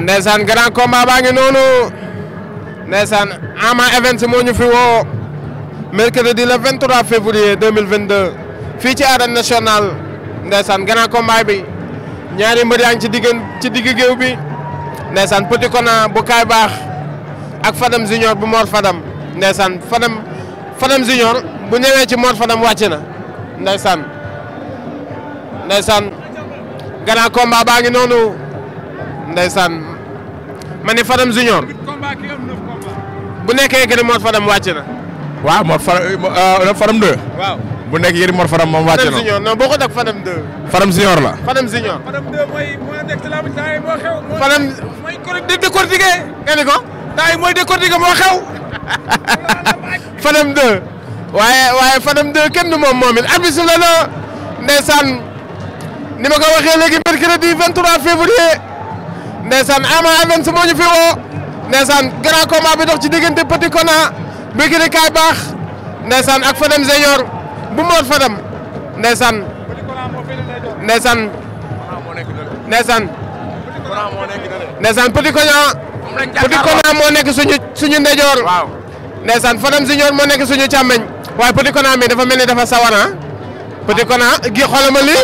ndeysaan grand combat baa ngi noonu ndeysaan Ama Events moo ñu fi woo mercredi le 23 février 2022 fii ci arène national ndeysaan grand combat bi ñaari mbër ci diggan ci digg géew bi ndeysaan Petit Kona bu baax ak Fadam Junior bu Mor Fadam ndeysaan Fadam Fadam Junior bu ñëwee ci Mor Fadam wàcc na ndeysaan ndeysaan grand combat noonu ndeysaan ma ne Fadam Junior bu nekkee gën Mor Fadam wàcc na. waaw Mor Fadam 2. Euh, bu nekk yëri Mor Fadam moom wàcc na. Fadam Junior non bokkut ak Fadam 2. Fadam Junior la. Fadam Junior. Fadam 2 Fadam mooy di di cortigué. ko. temps yi mooy décortiquer moo xew. Fadam 2 waaye waaye Fadam 2 kenn du moom moom it arbitre la ni ma ko waxee léegi mercredi 23 février ndeysaan Ama Events moo ñu fi woo ndeysaan grand combat bi dox ci diggante Petit Kona Bikini Kaay Baax ndeysaan ak Fadam Senior bu moot Fadam ndeysaan ndeysaan ndeysaan ndeysaan Petit Kona moo nekk suñu suñu ndejoor ndeysaan Fadam Junior moo nekk suñu càmmeñ waaye Petit Kona mi dafa mel ni dafa sawara ah. Petit Kona gi xoolal ma lii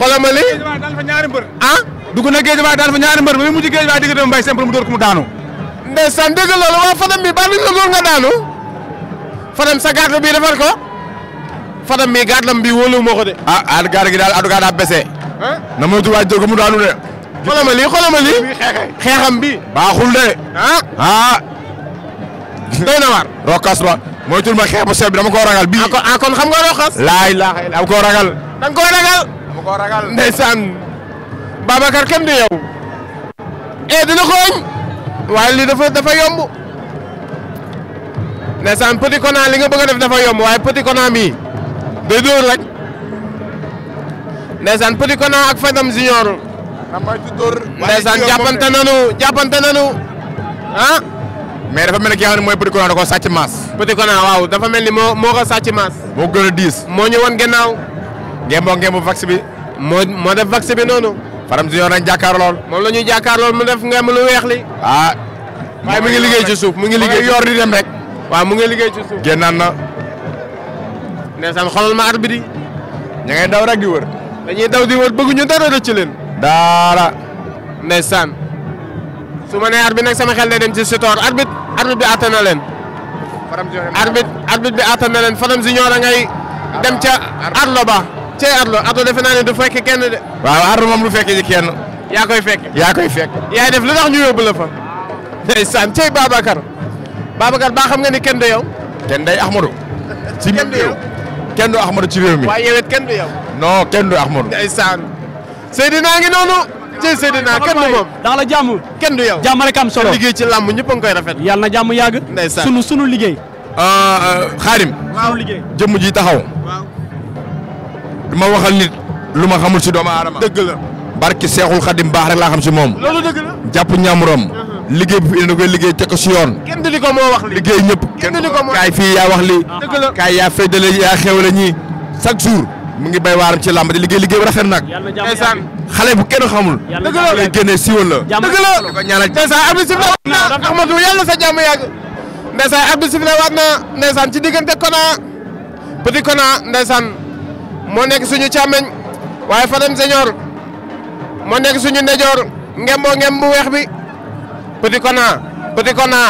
xoolal ma lii ah? dugg na géej waaye daal fa ñaari mbër ba mu mujj géej waaye digg dem mbay simple mu dóor ko mu daanu ndeysaan dëgg waa Fadam bi baa nañ la nga daanu Fadam sa garde bi defar ko Fadam mi gardam bi wóolu moo ko de ah a ah, garde gi daal adugaa daa bese na moytu waaj dóor ko mu daanu de xoolal ma lii xoolal ma lii. xeexam bi. baaxul de. ah ah. doy na waar. rokas ba moytul ma xeex bu seet bi dama koo ragal bii. ah kon ah, xam nga rokas. laay laay dama koo ragal. da nga koo ragal. dama koo ragal ndeysaan. Babacar kenn du yow. eh dina ko ëñ. waaye lii dafa dafa yomb. ndeysaan petit Kona li nga bëgg a def dafa yomb waaye petit Kona mii. day dóor rek. ndeysaan petit Kona ak Fadam Junior. ndeysaan jàppante nanu jàppante nanu ah. mais dafa mel ni ki nga xam ne mooy Petit ko sàcc maas. Petit Conan dafa mel ni moo moo ko sàcc maas. moo gën a moo ñëwoon gannaaw. ngeen bokk ngeen bi. moo moo def vax noonu. Faram si ñëw nañ lool. moom la ñuy jàkkaar lool mu def ngeen lu weex li ah. waaye mu ngi liggéey ci suuf mu ngi liggéey yor di dem rek. waaw mu ngi liggéey ci suuf. génnaan na. ndeysaan xoolal ma arbitre yi. ña ngay daw rek di wër. dañuy daw di wër bëgg ñu dara rëcc leen daara ndeysaan su ma nee arbitre nag sama xel day dem ci Sitor arbitre arbitre bi àttan na leen. arbitre arbitre bi àttan na leen Fadam Junior a ngay dem ca Arlo ba cee Arlo Arlo de naa ne du fekk kenn de. waaw Arlo moom lu fekk ci kenn. yaa koy fekk yaa koy fekk. yaay def lu tax ñu yóbbu la fa. ndeysaan cey Babacar Babacar baa xam nga ni kenn du yow. kenn day Axmadu. ci biir réew kenn du Axmadu ci réew mi. waaye yow kenn du yow. non kenn du Axmadu. ndeysaan. Seydina ngi noonu. ci Seydina kenn du moom daal la jàmm. kenn du yow jàmm rek am solo koy rafet. yàlla na jàmm yàgg. ndeysaan sunu sunu liggéey. Ah, ah, xaarim. waaw liggéey jëmm ji taxaw. waaw. duma waxal nit lu ma xamul si doom aadama. dëgg la barki seexul xadim baax rek laa xam si moom. loolu dëgg jàpp ñaamuram. Uh-huh. liggéey bi fi da koy liggéey teg ko si yoon. kenn du ni liggéey ñëpp. kenn du ni ko moo kaay fii yaa wax li. dëgg la kaay yaa feddale yaa xewle ñii chaque jour mu ngi bay waaram ci làmb di liggéey liggéey bu rafet nag. ndeysaan xale bu kenn xamul. dëgg la lay génnee siiwal la. dëgg a di ko ñaanal ndeysaan abdou sifla waat yàlla sa jàmm yàgg. ndeysaan abdou sifla waat na ndeysaan ci diggante Kona Petit Kona moo nekk suñu càmmeñ waaye Fadam Senior moo nekk suñu ndejoor ngemboo ngem bu weex bi Petit Kona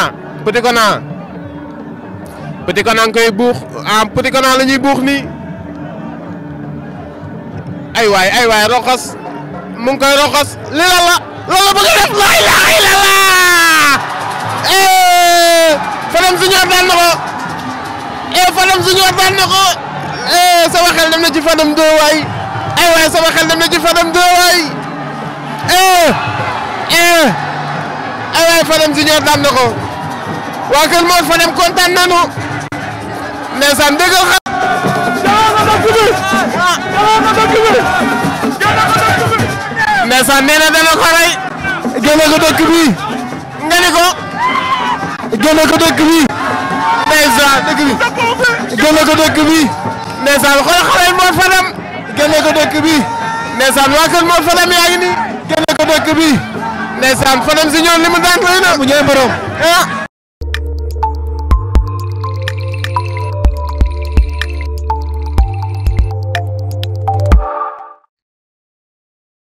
Petit koy buux ah Petit Kona buux nii. ay waay ay waay roxos mu ngi koy roxos li la la loolu bëgg a def la ilaha illallah eh Fadam Junior daan na ko eh Fadam Junior daan na ko eh sama xel dem na ci Fadam doo waay ay waay sama xel dem na ci Fadam doo waay eh eh ay waay Fadam Junior daan na ko waa kër Mor Fadam kontaan nañu ndeysaan dëggal ndeysaan nee na dana ko rey. ko dëkk bi. nga ni ko. génne ko dëkk bi. ndeysaan dëkk bi. génne ko dëkk bi. ndeysaan dëkk bi. ndeysaan waa kër Mor Fadam yaa ngi nii. génne ko dëkk bi. ndeysaan Fadam si ñoom li mu daan rëy na. bu ñëwee borom. Ah.